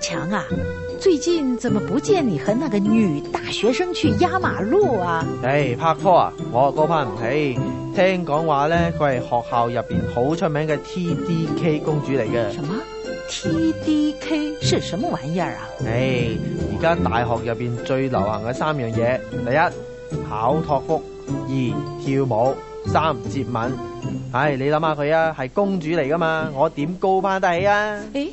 強啊，最近怎麼不見你和那個女大學生去壓馬路啊？誒、哎，拍拖啊，我高攀唔起。聽講話咧，佢係學校入邊好出名嘅 TDK 公主嚟嘅。什麼？TDK 是什麼玩意兒啊？誒、哎，而家大學入邊最流行嘅三樣嘢，第一考托福，二跳舞，三接吻。唉、哎，你諗下佢啊，係公主嚟噶嘛，我點高攀得起啊？誒、哎。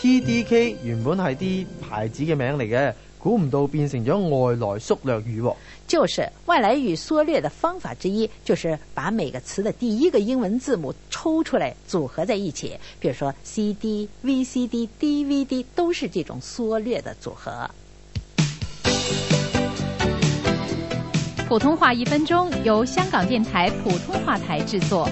TDK 原本係啲牌子嘅名嚟嘅，估唔到變成咗外來縮略語。就是外來語縮略的方法之一，就是把每個詞的第一個英文字母抽出來組合在一起。比如說 CD、VCD、DVD 都是這種縮略的組合。普通話一分鐘由香港電台普通話台製作。